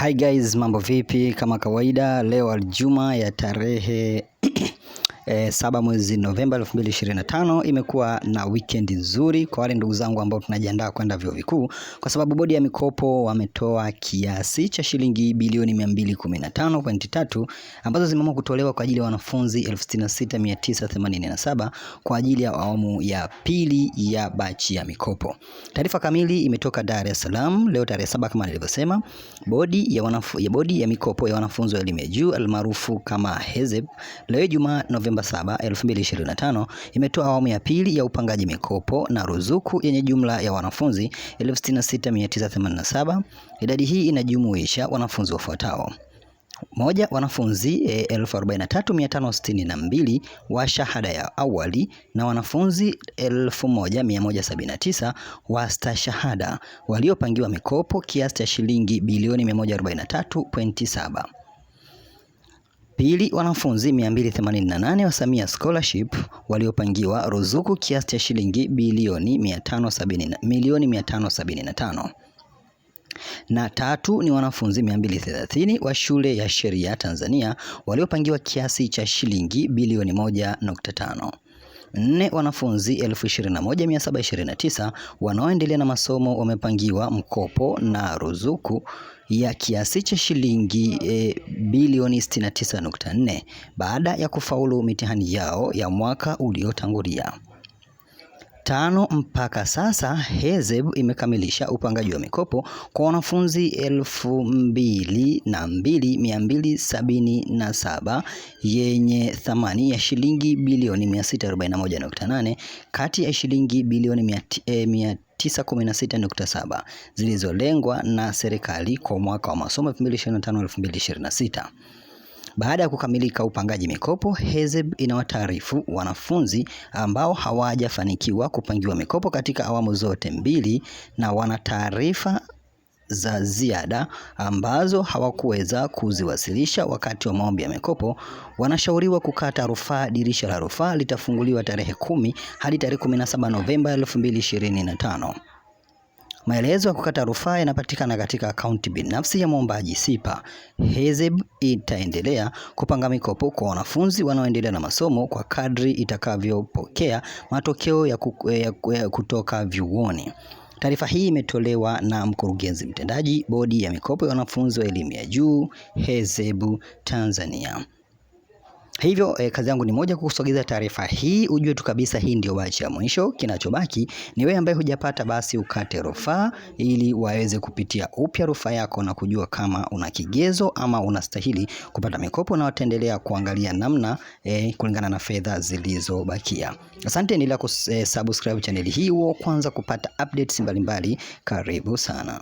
Hi guys, mambo vipi? Kama kawaida leo aljuma ya tarehe e, saba mwezi Novemba 2025 imekuwa na weekend nzuri kwa wale ndugu zangu ambao tunajiandaa kwenda vyuo vikuu, kwa sababu bodi ya mikopo wametoa kiasi cha shilingi bilioni 215.3 ambazo zimeamua kutolewa kwa ajili ya wanafunzi 66987 kwa ajili ya awamu ya pili ya bachi ya mikopo. Taarifa kamili imetoka Dar es Salaam leo tarehe saba kama nilivyosema. Bodi ya, wanafu, ya, bodi ya mikopo ya wanafunzi wa elimu ya juu almaarufu kama HESLB leo Ijumaa Novemba Novemba 7, 2025 imetoa awamu ya pili ya upangaji mikopo na ruzuku yenye jumla ya wanafunzi 66987. Idadi hii inajumuisha wanafunzi wafuatao: moja, wanafunzi 43562 e, wa shahada ya awali na wanafunzi 1179 wa stashahada waliopangiwa mikopo kiasi cha shilingi bilioni 143.7. Pili, wanafunzi 288 wa Samia Scholarship waliopangiwa ruzuku kiasi cha shilingi bilioni milioni 575. Na tatu ni wanafunzi 230 wa shule ya sheria Tanzania waliopangiwa kiasi cha shilingi bilioni 1.5 nne Wanafunzi 21729 wanaoendelea na masomo wamepangiwa mkopo na ruzuku ya kiasi cha shilingi e, bilioni 69.4 baada ya kufaulu mitihani yao ya mwaka uliotangulia tano mpaka sasa HESLB imekamilisha upangaji wa mikopo kwa wanafunzi elfu mbili na mbili mia mbili sabini na saba yenye thamani ya shilingi bilioni 641.8 kati ya shilingi bilioni 916.7 eh, zilizolengwa na serikali kwa mwaka wa masomo 2025/2026. Baada ya kukamilika upangaji mikopo, HESLB inawataarifu wanafunzi ambao hawajafanikiwa kupangiwa mikopo katika awamu zote mbili na wana taarifa za ziada ambazo hawakuweza kuziwasilisha wakati wa maombi ya mikopo, wanashauriwa kukata rufaa. Dirisha la rufaa litafunguliwa tarehe kumi hadi tarehe 17 Novemba 2025. Maelezo ya kukata rufaa yanapatikana katika akaunti binafsi ya mwombaji SIPA. HESLB itaendelea kupanga mikopo kwa wanafunzi wanaoendelea na masomo kwa kadri itakavyopokea matokeo ya kutoka vyuoni. Taarifa hii imetolewa na mkurugenzi mtendaji bodi ya mikopo ya wanafunzi wa elimu ya juu HESLB Tanzania. Hivyo eh, kazi yangu ni moja kukusogeza taarifa hii ujue tu kabisa hii ndio bachi ya mwisho. Kinachobaki ni wewe ambaye hujapata, basi ukate rufaa ili waweze kupitia upya rufaa yako na kujua kama una kigezo ama unastahili kupata mikopo, na wataendelea kuangalia namna eh, kulingana na fedha zilizobakia. Asante, endelea kusubscribe eh, channel hii huo kwanza kupata updates mbalimbali mbali. Karibu sana.